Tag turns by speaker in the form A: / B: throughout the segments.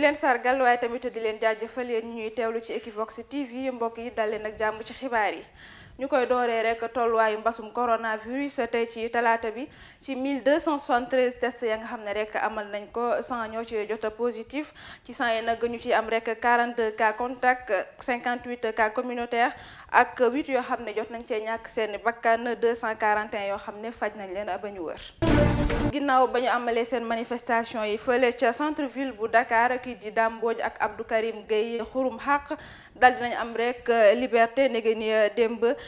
A: di leen sargal waaye tamit di leen jaajëfal yéen ñuy teewlu ci Equivox TV mbokk yi dal leen ak jàmm ci xibaar yi ñu koy dooree rek tolluwaayu mbasum coronavirus tey ci talaata bi ci 1273 tests ya nga xam ne rek amal nañ ko 100 ñoo ci jot a positif ci 100 yi nag ñu ci am rek 42 cas contact 58 cas communautaire ak 8 yoo xam ne jot nañ cee ñàkk seen bakkan 241 yoo xam ne faj nañ leen ba ñu wër. ginnaaw ba ñu amalee seen manifestation yi fële ca centre ville bu Dakar kii di Dame Mbodj ak Abdou Karim Gueye xurum xaq dal dinañ am rek liberté ndege ni démb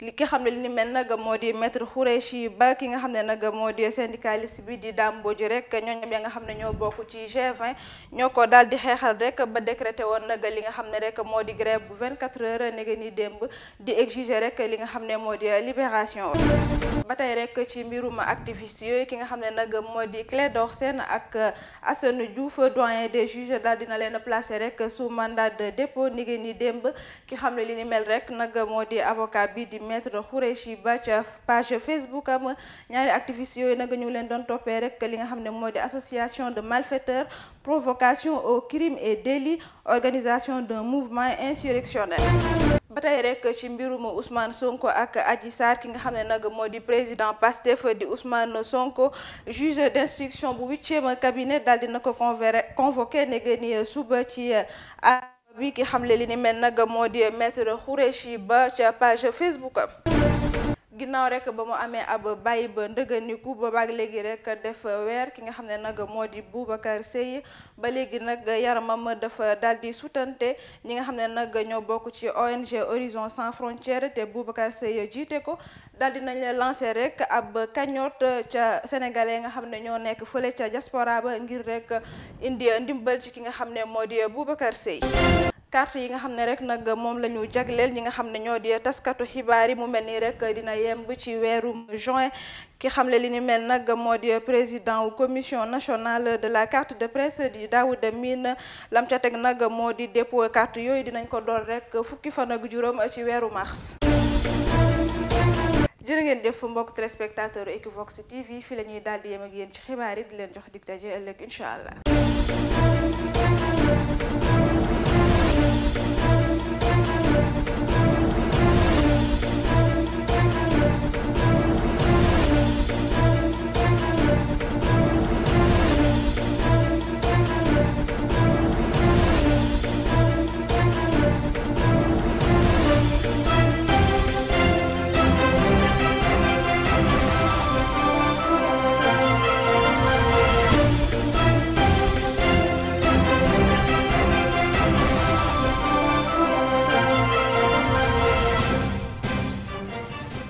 A: li ki xam ne li ni mel nag moo Ba ki nga xam ne nag moo di syndicaliste bi di dàmbooji rek ñooñam ya nga xam ne ñoo bokk ci g ñoo ko daal di xeexal rek ba décrété woon nag li nga xam ne rek moo di grève bu 24 heures nege ni démb di exiger rek li nga xam ne moo di libération ba tey rek ci mbirum activiste yooyu ki nga xam ne nag moo di Clédor Sène ak Assane Diouf doyen des juges daal dina leen placer rek sous mandat de dépôt nege ni démb ki xam rek nag moo di avocat bi maître Khoureyssi Ba ca page Facebook am ñaari activiste yooyu nag ñu leen doon toppee rek li nga xam ne moo di association de malfaiteurs provocation au crime et délit organisation d'un mouvement insurrectionnel. ba tey rek ci mbirum Ousmane Sonko ak Adji Sarr ki nga xam ne nag moo di président Pastef di Ousmane Sonko juge d'instruction bu huitième cabinet daal dina ko convoqué ne ni suba ci. bi ki xamle li ni mel nag moo di maître Ba ca page Facebook ginnaaw rek ba mu amee ab bàyyi ba ndëganiku ba baag léegi rek def weer ki nga xam ne nag moo di Boubacar Seye ba léegi nag yaramam dafa daal di sutante ñi nga xam ne nag ñoo bokk ci ONG Horizon Sans Frontières te Boubacar Seye jiite ko daal di nañ lancé rek ab cagnotte ca sénégalais nga xam ne ñoo nekk fële ca diaspora ngir rekk indi ndimbal ci ki nga xam ne moo di Boubacar Seye carte yi nga xam ne rek nag moom la ñu jagleel ñi nga xam ne ñoo di taskatu xibaar yi mu mel nii rek dina yemb ci weeru juin ki xamle li ni mel nag moo di président wu commission nationale de la carte de presse di Daouda Mine lam ca teg nag moo di dépôt carte yooyu dinañ ko dool rek fukki fan ak juróom ci weeru mars. jërë ngeen jëf mbokk téléspectateur Equivox TV fi la ñuy daal di yem ak ci xibaar yi di leen jox dig daje ëllëg incha allah.